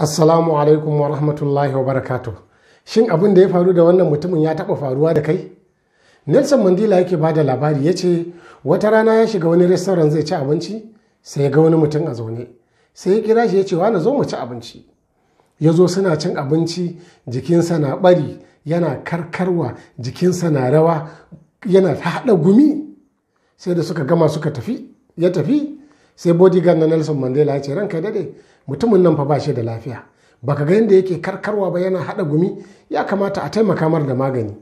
Assalamu alaikum wa rahmatullahi wa barakatu. Shin abin da ya faru da wannan mutumin ya taɓa faruwa da kai? Nelson Mandela yake ba da labari ya ce wata rana ya shiga wani restoran zai ci abinci sai ya ga wani mutum a zaune. Sai ya kira shi ya ce wani zo mu ci abinci. Ya zo suna cin abinci jikinsa na bari yana karkarwa jikinsa na rawa yana haɗa gumi sai da suka gama suka tafi ya tafi sai bodyguard na nelson mandela ya ce ranka dade mutumin nan fa ba shi da lafiya baka ga yadda yake karkarwa ba yana hada gumi ya kamata a taimaka mar da magani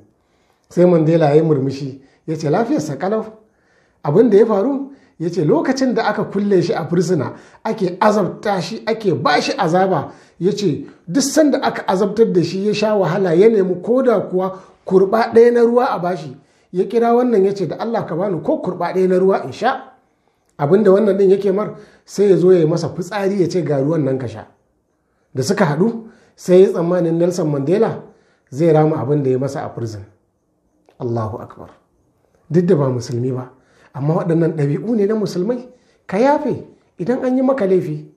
sai mandela ya yi murmushi ya ce lafiyarsa kalau abin da ya faru ya ce lokacin da aka kulle shi a fursuna ake azabta shi ake ba shi azaba ya ce duk sanda aka azabtar da shi ya sha wahala ya nemi da kuwa kurba ɗaya na ruwa a bashi ya kira wannan ya ce da allah ka bani ko kurba ɗaya na ruwa in sha abin da wannan ɗin yake mar sai ya zo ya yi masa fitsari ya ce ga ruwan nan ka sha da suka haɗu sai ya tsammanin nelson mandela zai rama abin da ya masa a prison allahu akbar duk da ba musulmi ba amma waɗannan ɗabi'u ne na musulmai ka yafe idan an yi maka laifi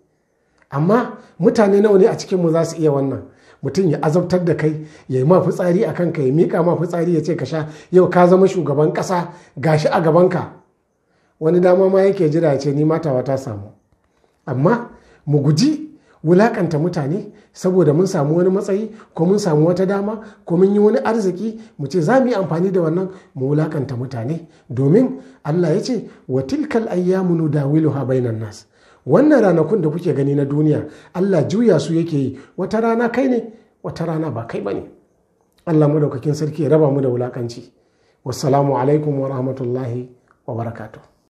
amma mutane nawa ne a cikinmu za su iya wannan mutum ya azabtar da kai ya yi ma fitsari a kanka ya miƙa ma fitsari ya ce ka sha yau ka zama shugaban ƙasa gashi a gabanka wani dama ma yake jira ce ni mata wata samu amma mu guji wulakanta mutane saboda mun samu wani matsayi ko mun samu wata dama ko mun yi wani arziki mu ce za mu yi amfani da wannan mu wulakanta mutane domin Allah ya ce wa tilkal ayyamu ha bainan nas wannan ranakun da kuke gani na duniya Allah juya su yake yi wata rana kai ne wata rana ba kai ba ne. Allah madaukakin sarki ya raba mu da wulakanci wassalamu alaikum wa rahmatullahi wa barakatuh